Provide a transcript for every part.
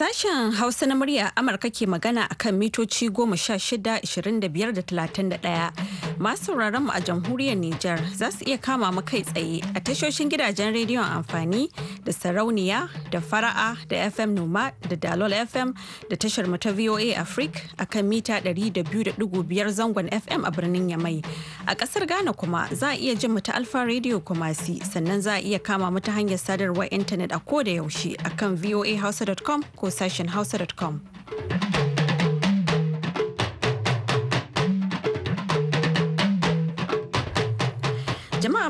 Sashen Hausa na murya Amurka ke magana akan mitoci goma sha ashirin da biyar da talatin Masu sauraron mu a jamhuriyar Nijar za su iya kama mu kai tsaye a tashoshin gidajen rediyon amfani da sarauniya da fara'a da FM Noma da Dalol FM da tashar mu ta VOA Africa a kan mita 200.5 zangon FM a birnin Yamai. A kasar Ghana kuma za a iya jin mu ta Alfa Radio Kumasi sannan za a iya kama mu ta hanyar sadarwar intanet a koda yaushe a kan voahausa.com ko sashen hausa.com.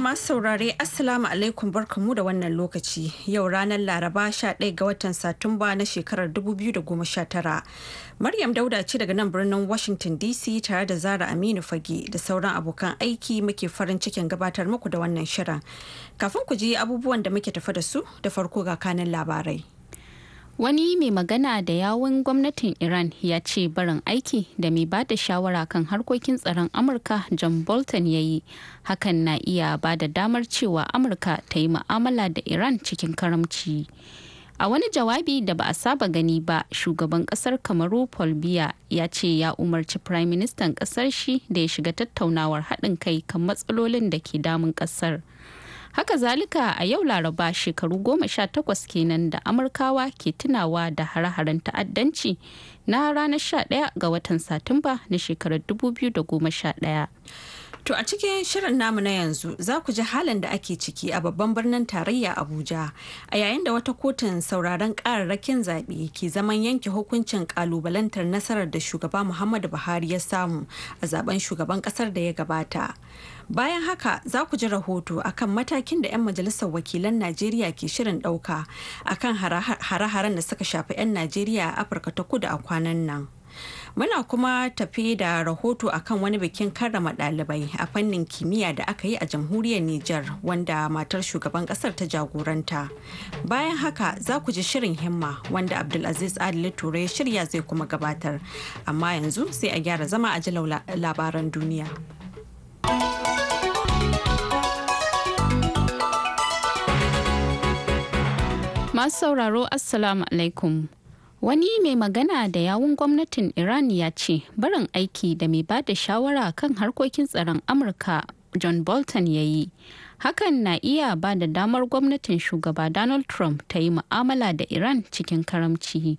ma masu saurare Assalamu alaikum barkamu da wannan lokaci yau ranar Laraba 11 ga watan Satumba na shekarar 2019. Maryam Dauda ce daga nan birnin Washington DC tare da Zara Aminu Fage da sauran abokan aiki muke farin cikin gabatar muku da wannan shirin. Kafin ku ji abubuwan da muke tafa da su da farko ga kanin labarai. wani mai magana da yawun gwamnatin iran ya ce barin aiki da mai ba da shawara kan harkokin tsaron amurka john bolton ya yi hakan na iya ba da damar cewa amurka ta yi ma'amala da iran cikin karamci a wani jawabi da ba a saba gani ba shugaban kasar kamaru paul biya ya ce ya umarci prime ministan kasar shi da ya shiga tattaunawar haɗin kai kan matsalolin da ke damun kasar. haka zalika a yau laraba shekaru goma sha takwas kenan da amurkawa ke tunawa da hare-haren ta'addanci na ranar 11 ga watan satumba na shekarar 2011 To a cikin shirin namu na yanzu za ku ji halin da ake ciki a babban birnin tarayya Abuja a yayin da wata kotun sauraron kararrakin zaɓe ke zaman yanke hukuncin kalubalantar nasarar da shugaba Muhammadu Buhari ya samu a zaben shugaban ƙasar da ya gabata. Bayan haka za ku ji rahoto akan matakin da 'yan majalisar wakilan Najeriya ke shirin ɗauka akan hare-haren da suka shafi 'yan Najeriya a Afirka ta kudu a kwanan nan. Muna kuma tafi da rahoto akan wani bikin karrama ɗalibai a fannin kimiyya da aka yi a jamhuriyar Nijar wanda matar shugaban ƙasar ta jagoranta. Bayan haka za ku ji shirin himma wanda Abdulaziz Adili Ture shirya zai kuma gabatar. Amma yanzu sai a gyara zama a ji labaran duniya. Masu sauraro Assalamu alaikum. Wani mai magana da yawun gwamnatin Iran ya ce barin aiki da mai ba da shawara kan harkokin tsaron Amurka John Bolton ya yi. Hakan na iya ba da damar gwamnatin shugaba Donald Trump ta yi mu'amala da Iran cikin karamci.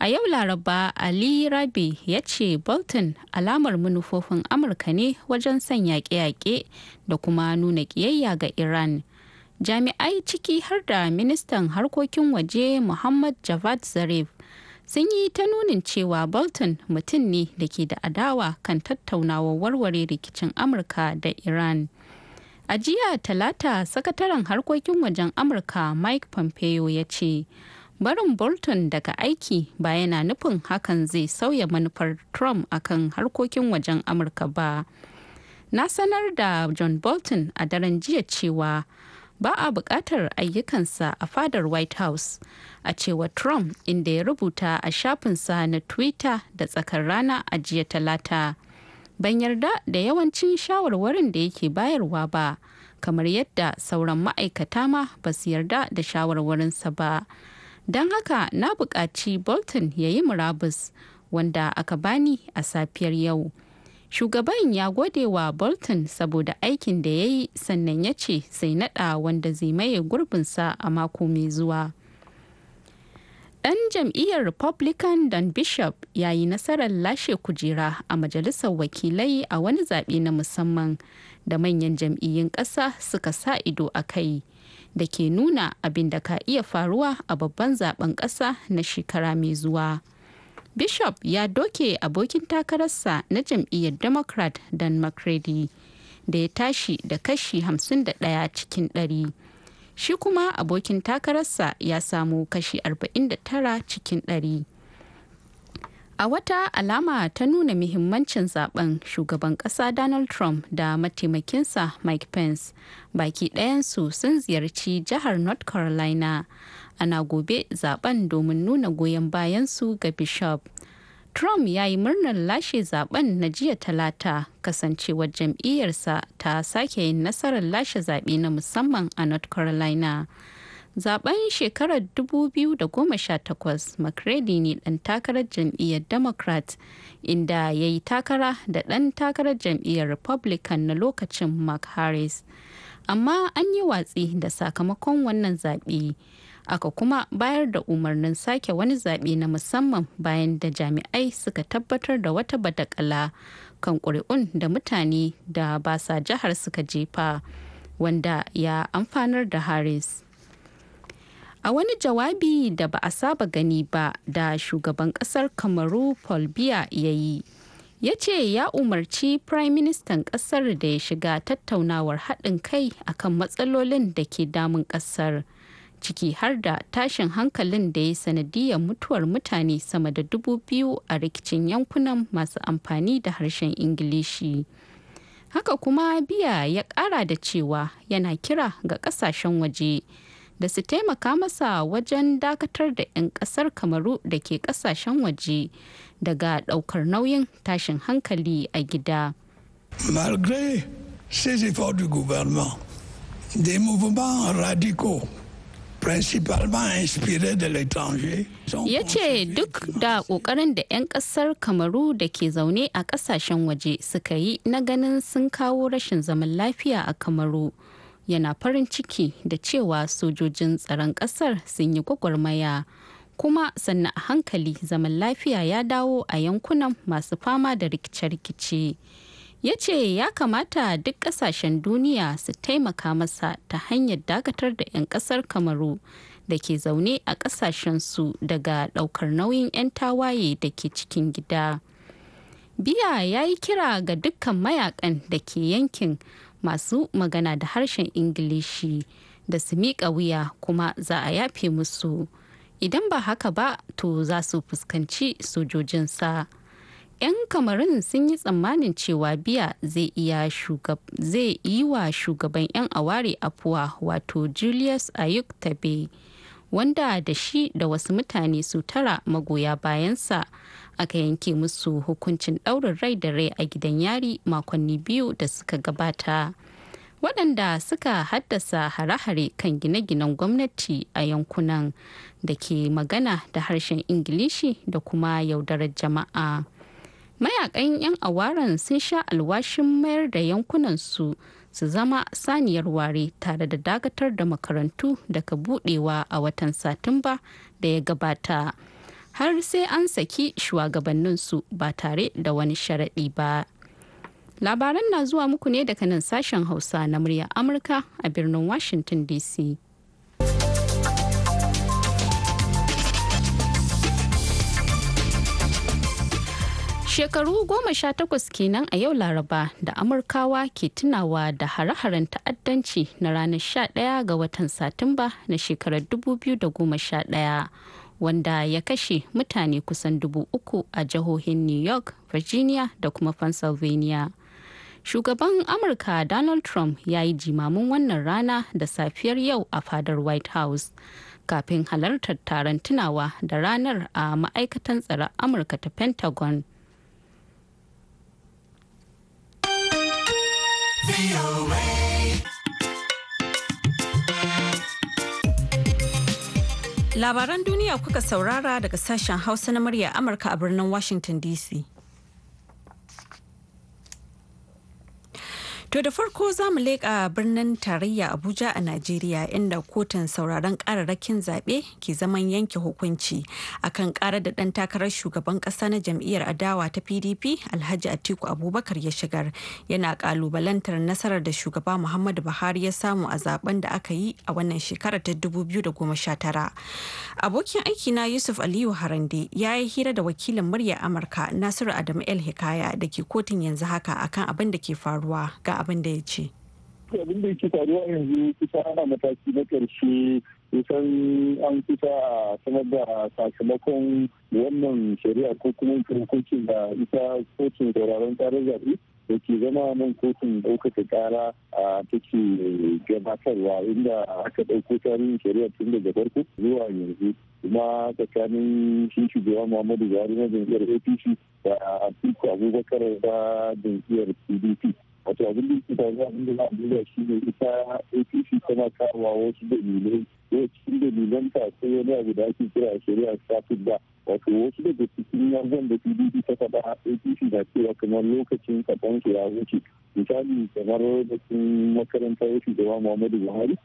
A yau Laraba Ali Rabi ya ce Bolton alamar manufofin Amurka ne wajen son yaƙe-yaƙe da kuma nuna ƙiyayya ga Iran. jami'ai ciki har da ministan harkokin waje muhammad javad zarif sun yi ta nunin cewa bolton mutum ne da ke da adawa kan tattaunawa warware rikicin amurka da iran a jiya talata sakataren harkokin wajen amurka mike pompeo ya ce barin bolton daga aiki ba yana nufin hakan zai sauya manufar trump akan harkokin wajen amurka ba na sanar da john bolton a daren jiya cewa ba a buƙatar ayyukansa a fadar white house a cewa trump inda ya rubuta a shafinsa na twitter da tsakar rana a jiya talata ban yarda da yawancin shawarwarin da yake bayarwa ba kamar yadda sauran ma'aikata ma ba su yarda da shawarwarinsa ba don haka na buƙaci bolton ya yi murabus wanda aka bani a safiyar yau shugaban ya gode wa bolton saboda aikin da ya yi sannan ya ce sai nada wanda zai maye gurbinsa a mako mai zuwa dan jam'iyyar republican dan bishop ya yi nasarar lashe kujera a majalisar wakilai a wani zaɓe na musamman da manyan jam'iyyun ƙasa suka sa ido a kai da ke nuna abin da ka iya faruwa a babban zaben ƙasa na shekara mai zuwa. Bishop ya doke abokin takararsa na jam'iyyar Democrat Dan McCready da ya tashi da kashi 51 cikin 100. Shi kuma abokin takararsa ya samu kashi 49 cikin 100. A wata alama ta nuna muhimmancin zaben shugaban kasa Donald Trump da mataimakinsa Mike Pence baki ɗayansu sun ziyarci jihar North Carolina ana gobe zaben domin nuna goyon bayansu ga bishop trump ya yi murnar lashe zaben na jiya talata kasancewar jam'iyyarsa ta sake yin nasarar lashe zaɓe na musamman a north carolina zaben shekarar 2018 mccready ne dan takarar jam'iyyar democrat inda ya yi takara da dan takarar jam'iyyar republican na lokacin mark harris amma an yi watsi da sakamakon wannan zaɓe. aka kuma bayar da umarnin sake wani zaɓe na musamman bayan da jami'ai suka tabbatar da wata batakala kan ƙuri'un da mutane da ba sa jihar suka jefa wanda ya amfanar da harris a wani jawabi da ba a saba gani ba da shugaban kasar kamaru paul biya ya yi ya ce ya umarci prime ministan kasar da ya shiga tattaunawar haɗin kai akan matsalolin da ke damun kasar ciki har da tashin hankalin da ya sanadiyar mutuwar mutane sama da dubu biyu a rikicin yankunan masu amfani da harshen ingilishi haka kuma biya ya kara da cewa yana kira ga kasashen waje da su taimaka masa wajen dakatar da 'yan kasar kamaru da ke kasashen waje daga daukar nauyin tashin hankali a gida malgré ces efforts du gouvernement des mouvements radicaux Ya ce duk da ƙoƙarin da 'yan ƙasar Kamaru da ke zaune a ƙasashen waje suka yi na ganin sun kawo rashin zaman lafiya a Kamaru. Yana farin ciki da cewa sojojin tsaron ƙasar sun yi gwagwarmaya. Kuma sannan a hankali zaman lafiya ya dawo a yankunan masu fama da rikice-rikice. ya ce ya kamata duk kasashen duniya su taimaka masa ta hanyar dakatar da 'yan kasar kamaru da ke zaune a kasashensu daga daukar nauyin 'yan tawaye da ke cikin gida biya ya yi kira ga dukkan mayakan da ke yankin masu magana da harshen ingilishi da su miƙa wuya kuma za a yafe musu idan ba haka ba to za su fuskanci sojojinsa 'yan kamarin sun yi tsammanin cewa biya zai yi wa shugaban 'yan aware afuwa wato julius ayuk tabe wanda da shi da wasu mutane su tara magoya bayansa aka yanke musu hukuncin daurin rai da rai a gidan yari makonni biyu da suka gabata waɗanda suka haddasa hare-hare kan gine-ginen gwamnati a yankunan da ke magana da harshen ingilishi da kuma yaudarar jama'a. mayakan 'yan awaran sun sha alwashin mayar da yankunansu su zama saniyar ware tare da dakatar da makarantu daga budewa a watan satumba da ya gabata har sai an saki shugabannin su ba tare da wani sharaɗi ba labaran na zuwa muku ne daga nan sashen hausa na murya amurka a birnin washington dc Shekaru goma sha takwas kenan a yau Laraba da Amurkawa ke tunawa da hare-haren ta'addanci na ranar sha ɗaya ga watan Satumba na shekarar dubu biyu da goma sha ɗaya wanda ya kashe mutane kusan dubu uku a jihohin New York, Virginia da kuma Pennsylvania. Shugaban Amurka Donald Trump ya yi jimamin wannan rana da safiyar yau a fadar White House. kafin halartar taron tunawa da ranar a ma'aikatan tsaron amurka ta pentagon Labaran duniya kuka saurara daga sashen Hausa na murya Amurka a birnin Washington DC. To da farko za mu leƙa birnin tarayya Abuja a Najeriya inda kotun sauraron ƙararrakin zaɓe ke zaman yanke hukunci akan ƙara da ɗan takarar shugaban ƙasa na jam'iyyar adawa ta PDP Alhaji Atiku Abubakar ya shigar yana ƙalubalantar nasarar da shugaba Muhammadu Buhari ya samu a zaben da aka yi a wannan shekarar ta dubu biyu da goma sha tara. Abokin aiki na Yusuf Aliyu Harande ya yi hira da wakilin murya Amurka Nasiru Adamu El Hikaya da ke kotun yanzu haka akan abin da ke faruwa ga abin da ya ce. abin da yake faruwa yanzu kusa ana mataki na ƙarshe kusan an kusa a sanar da sakamakon wannan shari'a ko kuma hukuncin da ita kotun tauraron tsarin zaɓe da ke zama nan kotun ɗaukaka ƙara a take gabatarwa inda aka ɗauko tarihin shari'a tun daga farko zuwa yanzu kuma tsakanin shi shugaba muhammadu buhari na jam'iyyar apc da atiku abubakar da jam'iyyar pdp wato abin da ke faruwa abin da za a duba shi ne ita apc tana kawo wasu dalilai cikin dalilan ta sai wani abu da ake kira shari'a traffic ba wato wasu daga cikin yanzan da pdp ta faɗa apc na cewa kamar lokacin kaɗan su ya wuce misali kamar sun makaranta ya gaba muhammadu buhari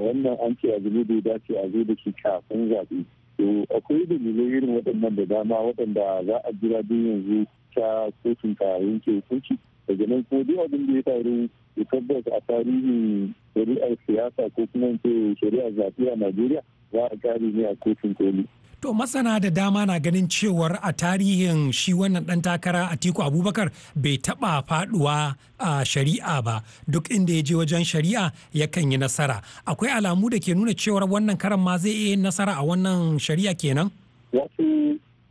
wannan an ce abu ne da ya dace a zo da shi kafin zaɓe to akwai dalilai irin waɗannan da dama waɗanda za a jira don yanzu ta kotun ka yanke hukunci daga nan kuma duk abin da ya faru ya tabbata a tarihin shari'ar siyasa ko kuma ce shari'ar zafi a najeriya za a kare ne a kotun koli. To masana da dama na ganin cewar a tarihin shi wannan ɗan takara a tiku Abubakar bai taɓa faɗuwa a shari'a ba duk inda ya je wajen shari'a yakan yi nasara. Akwai alamu da ke nuna cewar wannan karan ma zai iya nasara a wannan shari'a kenan?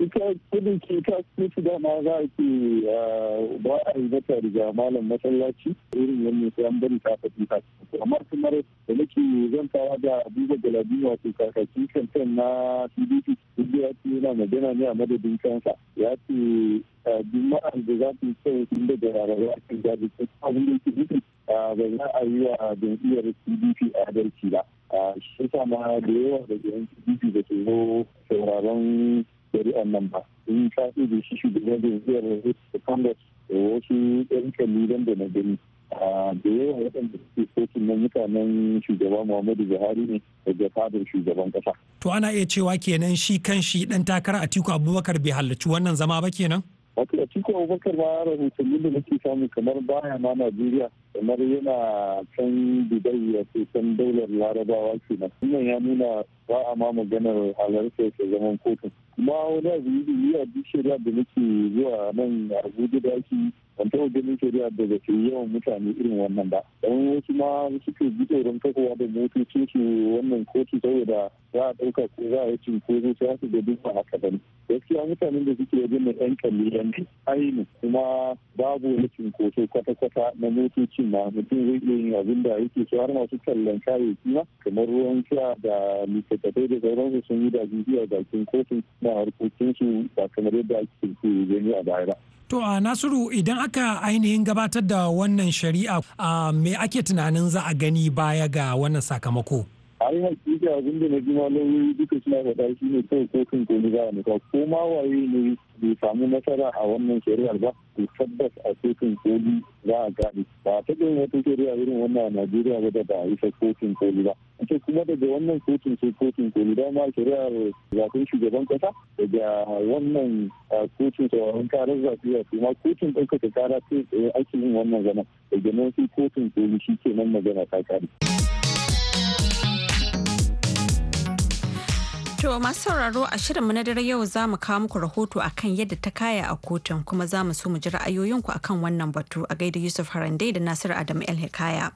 ita kudin cuta su dama za a ce ah, ba a yi zata daga malam masallaci irin wannan sai an bari kafa tuka amma kamar da nake fara da abubuwa galabi wato kakaki kantan na pdp duk ya ce yana magana ne a madadin kansa ya ce ah, juma'an da za su yi sun daga rarrawa cikin gadi sun abin da yake ah, ba za a yi wa jam'iyyar pdp adalci ba shi sama da yawa da jam'iyyar pdp da ke zo sauraron a nan ba in ta da shi shugaban jam'iyyar da congress da wasu yan kalilan da na gani da yawa waɗanda suke sokin na mutanen shugaba muhammadu buhari ne daga fadar shugaban ƙasa. to ana iya cewa kenan shi kan shi ɗan takara atiku abubakar bai halarci wannan zama ba kenan. wato a cikin abubakar ma rahotanni da nake samu kamar baya ma najeriya kamar yana can dubai ya ce can daular larabawa kenan wannan ya nuna ba a ma maganar halartar zaman kotun kuma wani abu yi da shirya da nake zuwa nan abuja da ake ban taɓa ganin shari'a da ba ke yawan mutane irin wannan ba don wasu ma suke ji don kafowa da motocin su wannan kotu saboda za a ɗauka ko za a yi ko sai su da duk ba haka ba gaskiya mutanen da suke wajen mai kalli yan aini kuma babu wani so kwata-kwata na motocin ma mutum zai iya yin abin da yake so har masu kallon kayayyaki ma kamar ruwan sha da littattafai da sauransu sun yi da bibiya bakin kotun na su ba kamar yadda ake gani a baya ba. To a Nasiru idan aka ainihin gabatar da wannan shari'a me ake tunanin za a gani baya ga wannan sakamako? ai hakika abin da na ji malami duka suna faɗa shi ne kawai kofin koli za a nufa ko ma waye ne bai samu nasara a wannan shari'ar ba to tabbas a kofin koli za a gaɗi ba ta yin wata shari'a irin wannan a najeriya ba da ba a isa kofin koli ba ita kuma daga wannan kotun sai kotun koli ma shari'ar zaɓen shugaban kasa daga wannan kotun sauraron karar zaɓe a kuma kotun ɗaukaka kara sai ake yin wannan zama daga nan sai kotun koli shi ke nan magana ta kare. To masu sauraro a shirinmu na dare yau za mu kawo muku rahoto a kan yadda ta kaya a kotun kuma za mu so mu ji ra'ayoyinku kan wannan batu a gaida Yusuf Harande da Nasiru Adamu El Hikaya.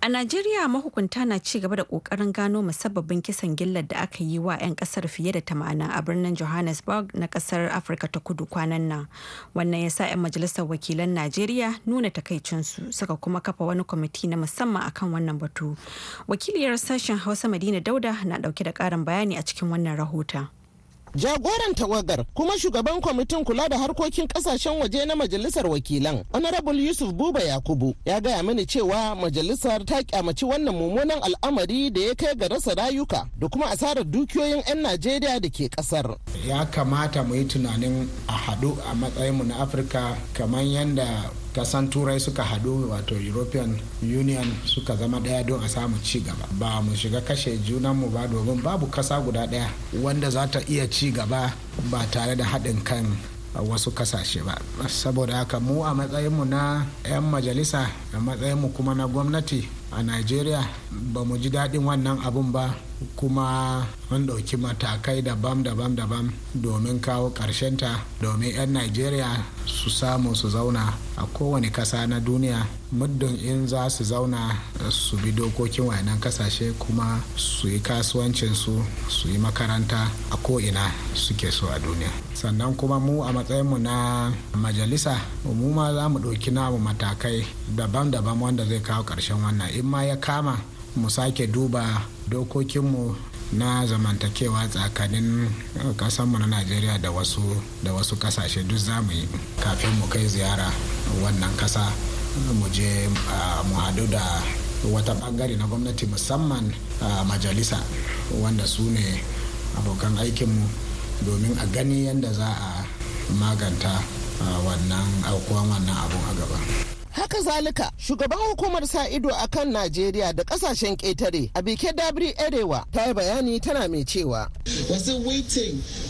A Najeriya mahukunta na ci gaba da kokarin gano musabbabin kisan gillar da aka yi wa 'yan kasar fiye da ma'ana a birnin Johannesburg na kasar Afirka ta kudu kwanan nan. Wannan ya sa 'yan majalisar wakilan Najeriya nuna takaicinsu suka kuma kafa wani kwamiti na musamman akan wannan batu. Wakiliyar sashen Hausa Madina Dauda na dauke da karin bayani a cikin wannan rahoton. jagoran tawagar kuma shugaban kwamitin kula da harkokin kasashen waje na majalisar wakilan honorable yusuf buba yakubu ya gaya mini cewa majalisar ta kyamaci wannan mummunan al'amari da ya kai ga rasa rayuka da kuma asarar dukiyoyin 'yan najeriya da ke kasar ya kamata mu yi tunanin a haɗu a matsayinmu na afirka kamar yadda kasan turai suka hadu wato european union suka zama ɗaya don a samu ci gaba ba mu shiga kashe junan mu ba domin babu kasa guda ɗaya. wanda za ta iya ci gaba ba tare da haɗin kan wasu kasashe ba saboda haka mu a matsayinmu na 'yan majalisa a matsayinmu kuma na gwamnati a nigeria ba mu ji daɗin wannan abun ba kuma an ɗauki matakai daban daban daban domin kawo ƙarshen ta domin 'yan nigeria su samu su zauna a kowane ƙasa na duniya muddin in za su zauna su bi dokokin wayannan ƙasashe kuma su yi kasuwancinsu su yi makaranta a ko'ina suke so a duniya sannan kuma mu a matsayinmu na majalisa mu ma za mu ɗauki namu matakai daban-daban wanda zai kawo ƙarshen wannan in ma ya kama mu sake duba dokokinmu na zamantakewa tsakanin kasanmu eh, na najeriya da wasu da wasu kasashe duk zamu yi kafin mu kai ziyara wannan kasa mu je ah, mu hadu da wata bangare na gwamnati musamman ah, majalisa wanda su ne abokan aikinmu domin a gani yadda za a maganta ah, wannan aukuwan wannan abun a gaba haka zalika shugaban hukumar sa ido a kan najeriya da kasashen ketare a bikin dabri erewa ta yi bayani tana mai cewa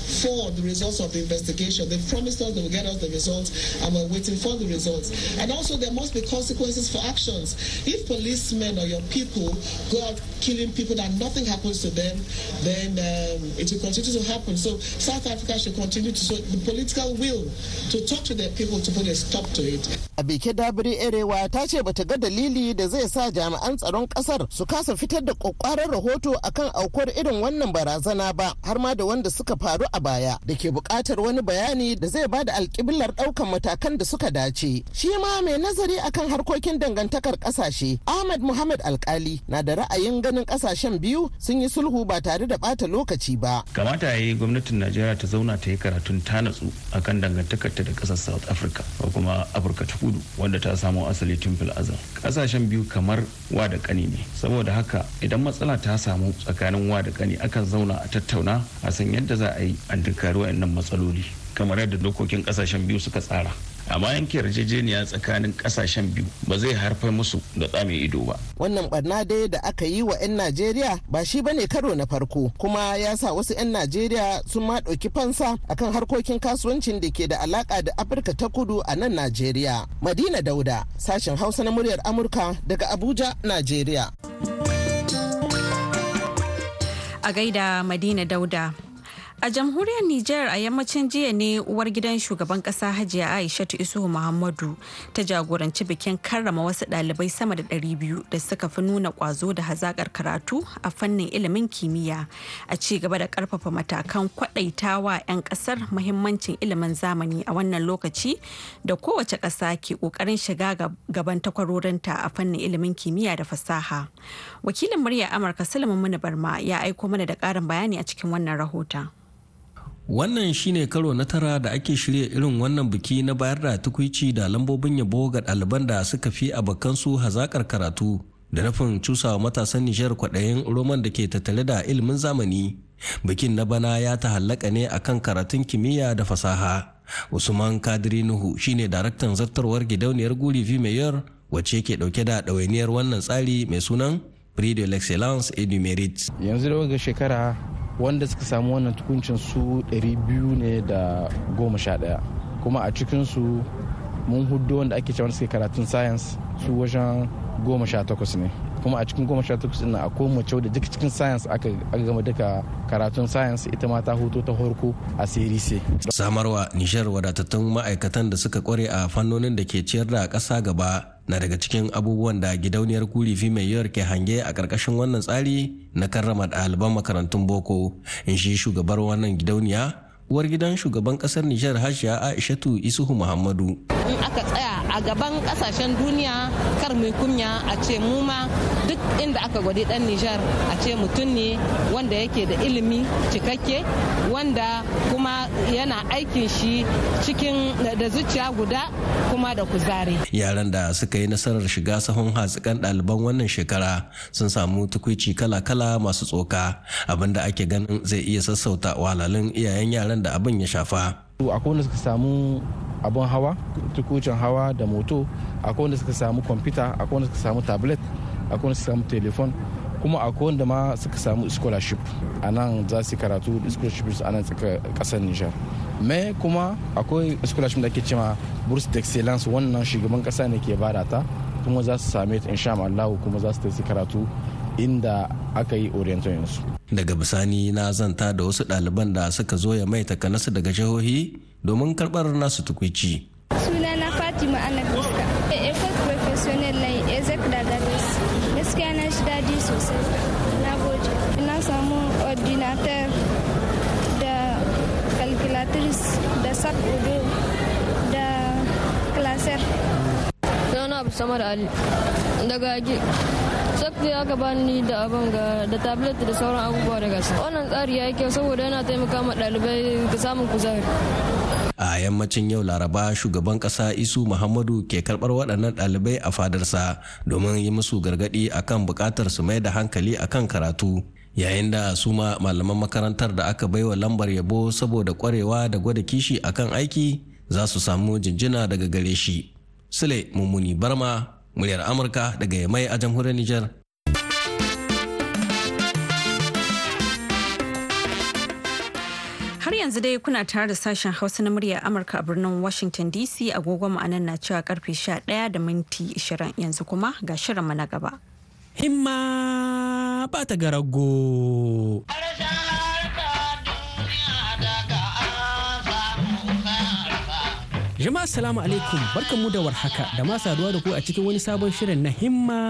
for the results of the investigation. They promised us they will get us the results, and we're waiting for the results. And also, there must be consequences for actions. If policemen or your people go out killing people and nothing happens to them, then um, it will continue to happen. So South Africa should continue to show the political will to talk to their people to put a stop to it. Abike Dabiri Erewa ta ce bata ga dalili da zai sa jami'an tsaron kasar su kasa fitar da kokwarar rahoto akan aukuwar irin wannan barazana ba har ma da wanda suka faru a a baya da ke bukatar wani bayani da zai ba da alƙiblar ɗaukan matakan da suka dace. Shi ma mai nazari akan harkokin dangantakar ƙasashe Ahmad Muhammad Alkali na da ra'ayin ganin ƙasashen biyu sun yi sulhu ba tare da bata lokaci ba. Kamata ya yi gwamnatin Najeriya ta zauna ta yi karatun ta natsu akan ta da kasar South Africa ko kuma Afirka ta Kudu wanda ta samo asali tun fil azam. Ƙasashen biyu kamar wa da ƙani ne saboda haka idan matsala ta samu tsakanin wa da ƙani akan zauna a tattauna a san yadda za a yi An tunkari wayannan matsaloli kamar yadda dokokin kasashen biyu suka tsara amma yankin yarjejeniya tsakanin kasashen biyu ba zai harfar musu da tsame ido ba. Wannan barna dai da aka yi wa 'yan Najeriya ba shi bane karo na farko kuma ya sa wasu 'yan Najeriya sun ma ɗauki fansa akan harkokin kasuwancin da ke da alaka da Afirka ta kudu a nan Najeriya. Madina Dauda, sashen Hausa na muryar Amurka daga Abuja, Najeriya. A gaida Madina Dauda. A jamhuriyar Nijar a yammacin jiya ne uwar gidan shugaban kasa Hajiya Aishatu Isuhu Muhammadu ta jagoranci bikin karrama wasu ɗalibai sama da 200 da suka fi nuna ƙwazo da hazakar karatu a fannin ilimin kimiyya a ci gaba da ƙarfafa matakan kwadaitawa 'yan ƙasar muhimmancin ilimin zamani a wannan lokaci da kowace ƙasa ke ƙoƙarin shiga gaban takwarorinta a fannin ilimin kimiyya da fasaha. Wakilin murya Amurka Salamu Muni Barma ya aiko mana da ƙarin bayani a cikin wannan rahoton. wannan shine karo na tara da ake shirya irin wannan biki na bayar da tukwici da lambobin yabo ga ɗaliban da suka fi abokansu hazakar karatu da nufin cusawa matasan nijar kwaɗayin roman da ke tattale da ilimin zamani bikin na bana ya tahallaka ne akan karatun kimiyya da fasaha usman kadiri nuhu shine daraktan zartarwar gidauniyar guri v mayor wacce ke dauke da ɗawainiyar wannan tsari mai sunan prix de l'excellence et du mérite yanzu da shekara wanda suka samu wannan tukuncin su 200 ne da goma sha ɗaya kuma a cikinsu mun hudu wanda ake cewa suke karatun science su wajen goma sha takwas ne kuma a cikin goma sha takwas ɗin akwai mace wadda duka cikin science aka gama duka karatun science ita ma ta hoto ta horko a serise. samarwa nishar wadatattun ma'aikatan da suka kware a fannonin da ke ciyar da ƙasa gaba na daga cikin abubuwan da gidauniyar kurifi mai yiwuwar ke hange a ƙarƙashin wannan tsari na karrama ɗaliban makarantun boko in shi shugabar wannan gidauniya uwar gidan shugaban kasar Nijar Hajiya Aishatu Isuhu Muhammadu. In aka tsaya a gaban kasashen duniya kar mai kunya a ce mu ma duk inda aka gwade dan Nijar a ce mutum ne wanda yake da ilimi cikakke wanda kuma yana aikin shi cikin da zuciya guda kuma da kuzari. Yaran da suka yi nasarar shiga sahun hatsikan ɗaliban wannan shekara sun samu tukuici kala-kala masu tsoka abinda ake ganin zai iya sassauta walalin iyayen yaran wuraren da abin ya shafa akwai wanda suka samu abin hawa tukucin hawa da moto akwai wanda suka samu kwamfuta akwai wanda suka samu tablet akwai wanda suka samu telefon kuma akwai wanda ma suka samu scholarship a nan za su karatu da scholarship a nan kasar nijar mai kuma akwai scholarship da ke cewa bruce d'excellence wannan shugaban kasa ne ke bada ta kuma za su same ta insha Allah kuma za su karatu inda aka yi orientation su daga bisani na zanta da wasu ɗaliban da suka zo ya mai takanasu daga jihohi domin karɓar nasu tukwici suna na fatima anabiska ekol professional na ezek daga gaskiya na shi daji sosai na gode na samu ordinateur da calculatrice da sakudo da classer. Sana Abu Samar Ali daga sakta ya bani da abin ga da tablet da sauran abubuwa da gasa wannan tsari ya yi kyau saboda yana taimaka ma ɗalibai ga samun kuzari a yammacin yau laraba shugaban kasa isu muhammadu ke karbar waɗannan ɗalibai a fadarsa domin yi musu gargaɗi akan bukatar su mai da hankali akan karatu yayin da su ma malaman makarantar da aka baiwa lambar yabo saboda kwarewa da gwada kishi akan aiki za su samu jinjina daga gare shi sule mummuni barma muryar amurka daga yamai a jamhuriyar nijar. yanzu dai kuna tare da sashen Hausa na murya Amurka a birnin Washington DC agogon ma'anar na cewa karfe 11 da minti 20 yanzu kuma ga shirin mana gaba. Himma ba ta garago. Jama'a salamu alaikum barkanmu da warhaka da ma saduwa da ku a cikin wani sabon shirin na himma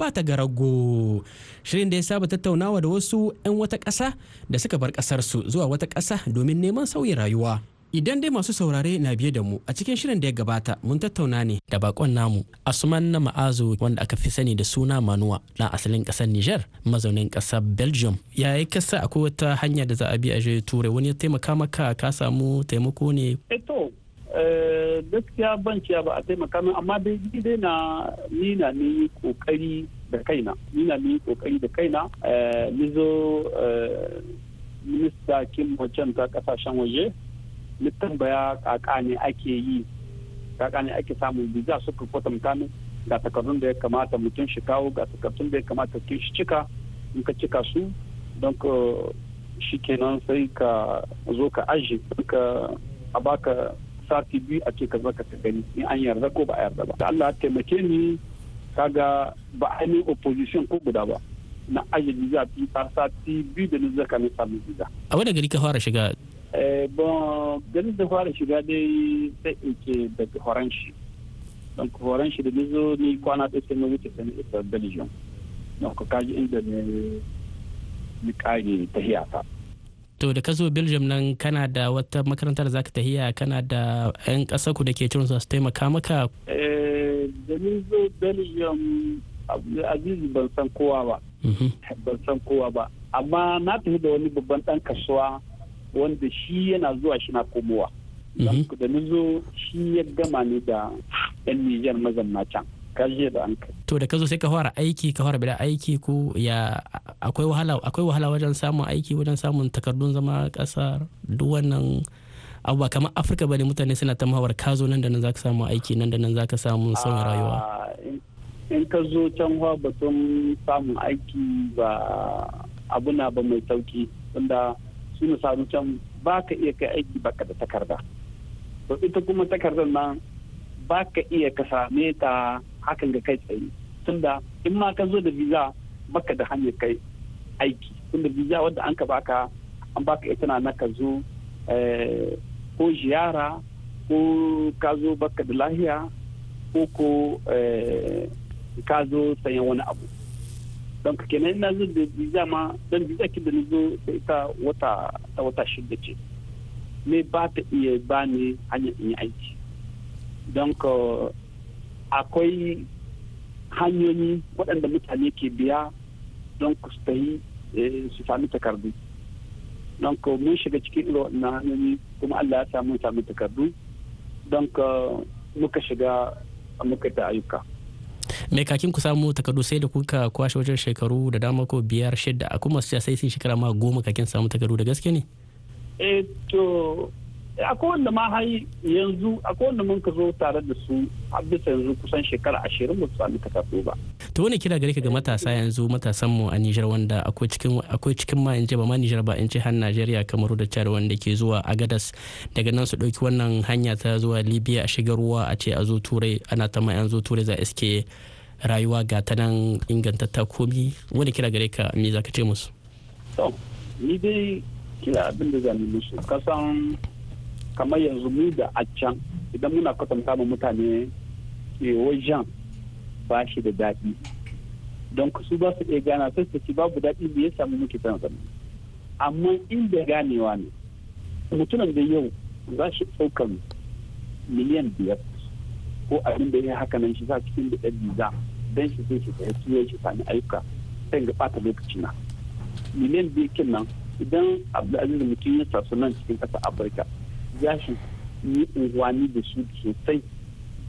ba ta garago. Shirin da ya saba tattaunawa da wasu 'yan wata ƙasa da suka bar ƙasarsu zuwa wata ƙasa domin neman sauyi rayuwa. Idan dai masu saurare na biye da mu a cikin shirin da ya gabata mun tattauna ne da bakon namu Asuman na ma'azo wanda aka fi sani da suna Manuwa na asalin kasar Niger mazaunin kasar Belgium. Ya yi kasa akwai wata hanya da za a bi a je turai wani ya taimaka maka ka samu taimako ne? Eh, Eh, gaskiya ban ciya ba a taimaka min amma dai dai na ni na ni kokari da kaina ni na ni kokari da kaina eh, ni zo eh, minista kin wajen ta kasashen waje ni tambaya kaka ne ake yi kaka ne ake samun visa suka kwatanta min ga takardun da ya kamata mutum shi kawo ga takardun da ya kamata kin shi cika in ka cika su don ka shi kenan sai ka zo ka aji ka a baka sati biyu a ce ka zaka ta gani in an yarda ko ba a yarda ba da Allah taimake ni kaga ba a ne opposition ko guda ba na aje visa ta sati biyu da na ka na samu visa a wani gari ka fara shiga eh, bon gari da fara shiga dai sai in ce daga horon shi don ku horon shi da nizo ni kwana ɗaya sai na wuce sai na isa belgium don ku kaji inda ne ni kage ta hiyata to da ka zo belgium nan kana da wata makarantar za ka tahiya kana da 'yan ƙasa ku da ke cin su taimaka maka eh, da ni zo belgium aziz ban san kowa ba mhm. ban san kowa ba amma na tafi da wani babban ɗan kasuwa wanda shi yana zuwa shi na komowa mhm. da zo shi ya gama ni da 'yan nijar mazan can kaje da an to da ka zo sai ka fara aiki ka fara bila aiki ko ya akwai wahala akwai wahala wajen samun aiki wajen samun takardun zama kasar duk wannan abuwa kamar afirka bane mutane suna ta mahawar ka zo nan da nan zaka samu aiki nan da nan zaka samu sauran rayuwa ah, in ka zo can fa batun samun aiki ba abu na ba mai sauki wanda su na samu can ba ka iya kai aiki ka da takarda to ita kuma takardar nan ba ka iya ka same ta hakan ga kai tsaye tunda in ma ka zo da visa baka da hanyar kai aiki tunda visa wadda an ka baka an baka ita na ka zo eh, ko ziyara ko ka zo baka da lahiya ko ko eh, ka zo sayan wani abu don ka kenan na zo da visa ma don visa ki da ni zo da ita wata ta wata shida ce me ba ta iya ba ni hanyar in yi aiki don ka akwai hanyoyi waɗanda mutane ke biya don su yi eh, su sami takardu don ka mun shiga cikin irin waɗannan hanyoyi kuma allah ya samu sami takardu don ka muka shiga muka ta ayyuka mai kakin ku samu takardu sai da kuka kwashe wajen shekaru da dama ko biyar shida a kuma sai sun shekara ma goma kakin samu takardu da gaske ne eh to akwai wanda ma har yanzu akwai wanda mun ka zo tare da su a bisa yanzu kusan shekara ashirin ba su sami takardu ba. to wani kira gare ka ga matasa yanzu matasan mu a Nijar wanda akwai cikin akwai cikin ma in ce ba ma Nijar ba in ce har Najeriya kamar da Chad wanda ke zuwa Agadas daga nan su ɗauki wannan hanya ta zuwa Libya a shiga ruwa a ce a zo Turai ana ta ma yanzu zo Turai za iske rayuwa ga ta nan ta komi wani kira gare ka me za ka ce musu. to ni dai kira abin da zan musu kasan kamar yanzu mu da a can idan muna kwatanta ma mutane eh, wajen ba shi da daɗi don su ba su iya gana sai su ci babu daɗi da ya samu muke tana zama amma inda ganewa ne mutumin da yau za shi ɗaukar miliyan biyar ko abin da ya haka nan shi sa cikin da ɗan biza don shi sai shi ta yi shi sami ayyuka sai ga ɓata lokaci na miliyan biyar kin nan idan abdulaziz mutum ya tasu nan cikin ƙasa afirka ya shi yi unguwanni da su sosai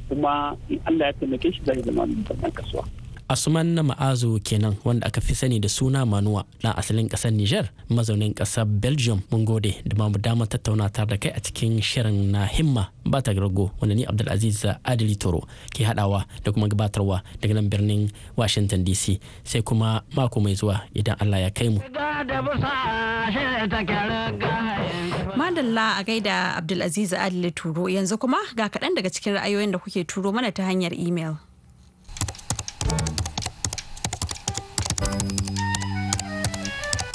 kuma in Allah ya taimake shi zai zama mutum kasuwa. Asuman na ma'azu kenan wanda aka fi sani da suna Manuwa na asalin ƙasar Nijar mazaunin ƙasar Belgium mun gode da ba mu damar tattauna tare da kai a cikin shirin na himma ba ta rago wanda ni Abdulaziz Adili Toro ke hadawa da kuma gabatarwa daga nan birnin Washington DC sai kuma mako mai zuwa idan Allah ya kai mu. Madalla a gaida Abdulaziz Adili Turo yanzu kuma ga kaɗan daga cikin ra'ayoyin da kuke turo mana ta hanyar imel.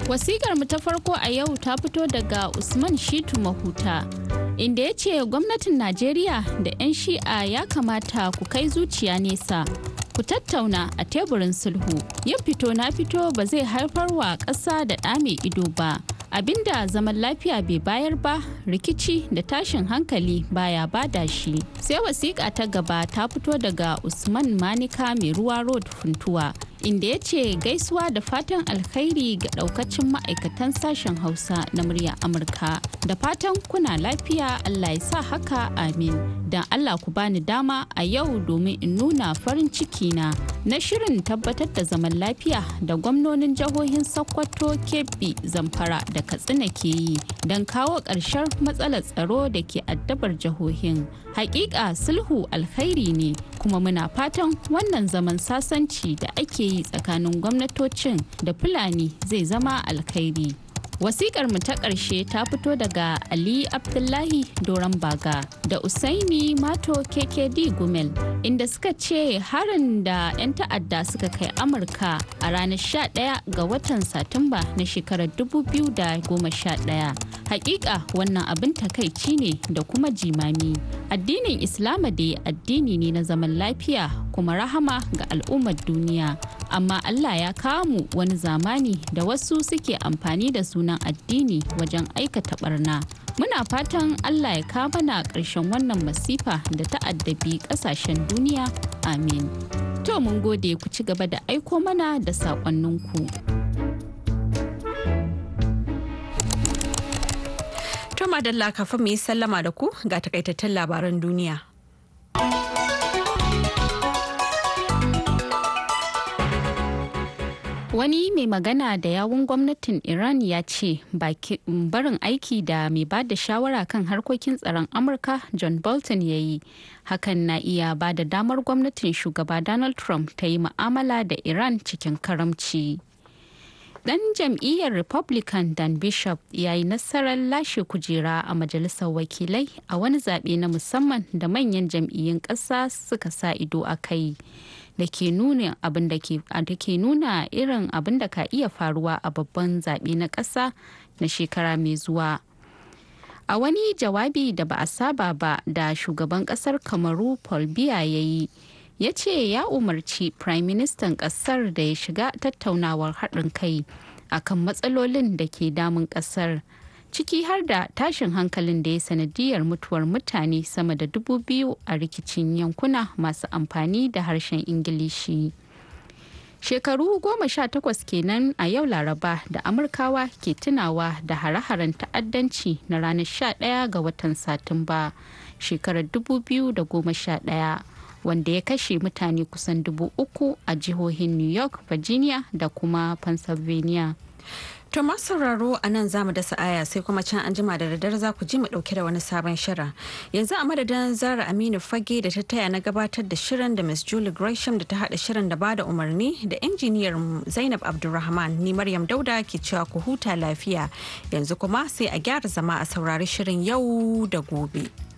Wasikar mu ta farko a yau ta fito daga Usman Shitu Mahuta. Inda ya ce gwamnatin Najeriya da 'yan shi'a ya kamata ku kai zuciya nesa. Ku tattauna a teburin sulhu. Yin fito na fito ba zai haifar wa ƙasa da ɗa mai ido ba. abinda zaman lafiya bai bayar ba rikici da tashin hankali baya bada shi sai wasiƙa ta gaba ta fito daga usman manika mai ruwa road funtuwa inda ya ce gaisuwa da fatan alkhairi ga daukacin ma'aikatan sashen hausa na murya amurka da fatan kuna lafiya allah ya sa haka amin don allah ku bani dama a yau domin in nuna farin ciki na na shirin tabbatar da zaman lafiya da gwamnonin jihohin sokoto kebbi zamfara da katsina ke yi don kawo ƙarshen matsalar tsaro da ke addabar jihohin hakika sulhu alkhairi ne kuma muna fatan wannan zaman sasanci da ake yi tsakanin gwamnatocin da fulani zai zama alkhairi Wasikar mu ta ƙarshe ta fito daga Ali Abdullahi Doron Baga da Usaini Mato KKD Gumel inda suka ce harin da 'yan ta'adda suka kai Amurka a ranar 11 ga watan Satumba na shekarar 2011. Hakika wannan abin takaici ne da kuma jimami. Addinin Islama dai addini ne na zaman lafiya kuma rahama ga al'ummar duniya. Amma Allah ya kawo mu wani zamani da wasu suke amfani da suna wannan addini wajen aikata barna muna fatan allah ya kama mana ƙarshen wannan masifa da ta'addabi ƙasashen duniya amin to mun gode ku ci gaba da aiko mana da saƙonninku. To madalla kafin mu yi sallama da ku ga takaitattun labaran duniya. wani mai magana da yawun gwamnatin iran ya ce barin aiki da mai ba da shawara kan harkokin tsaron amurka john bolton ya yi hakan na iya ba da damar gwamnatin shugaba donald trump ta yi ma'amala da iran cikin karamci dan jam'iyyar republican dan bishop ya yi nasarar lashe kujera a majalisar wakilai a wani zaɓe na musamman da manyan jam'iyyun ƙasa suka sa ido a kai da ke nuna abin da ke nuna irin abin da ka iya faruwa a babban zaɓe na ƙasa na shekara mai zuwa. A wani jawabi da ba a saba ba da shugaban ƙasar Kamaru Paul Biya ya yi, ya ce ya umarci Prime minister ƙasar da ya shiga tattaunawar haɗin kai akan matsalolin da ke damun ƙasar. ciki har da tashin hankalin da ya sanadiyar mutuwar mutane sama da dubu biyu a rikicin yankuna masu amfani da harshen ingilishi shekaru goma sha takwas kenan a yau laraba da amurkawa ke tunawa da hare-haren ta'addanci na ranar sha ɗaya ga watan satumba shekarar dubu biyu da goma sha ɗaya wanda ya kashe mutane kusan dubu uku a jihohin new york virginia da kuma pennsylvania To masu sauraro a nan za mu dasa aya sai kuma can an jima da daddare za ku ji mu dauke da wani sabon shirin. Yanzu a madadin Zara Aminu Fage da ta taya na gabatar da shirin da Miss Julie Gresham da ta haɗa shirin da bada umarni da injiniyar Zainab Abdulrahman ni Maryam Dauda ke cewa ku huta lafiya. Yanzu kuma sai a gyara zama a saurari shirin yau da gobe.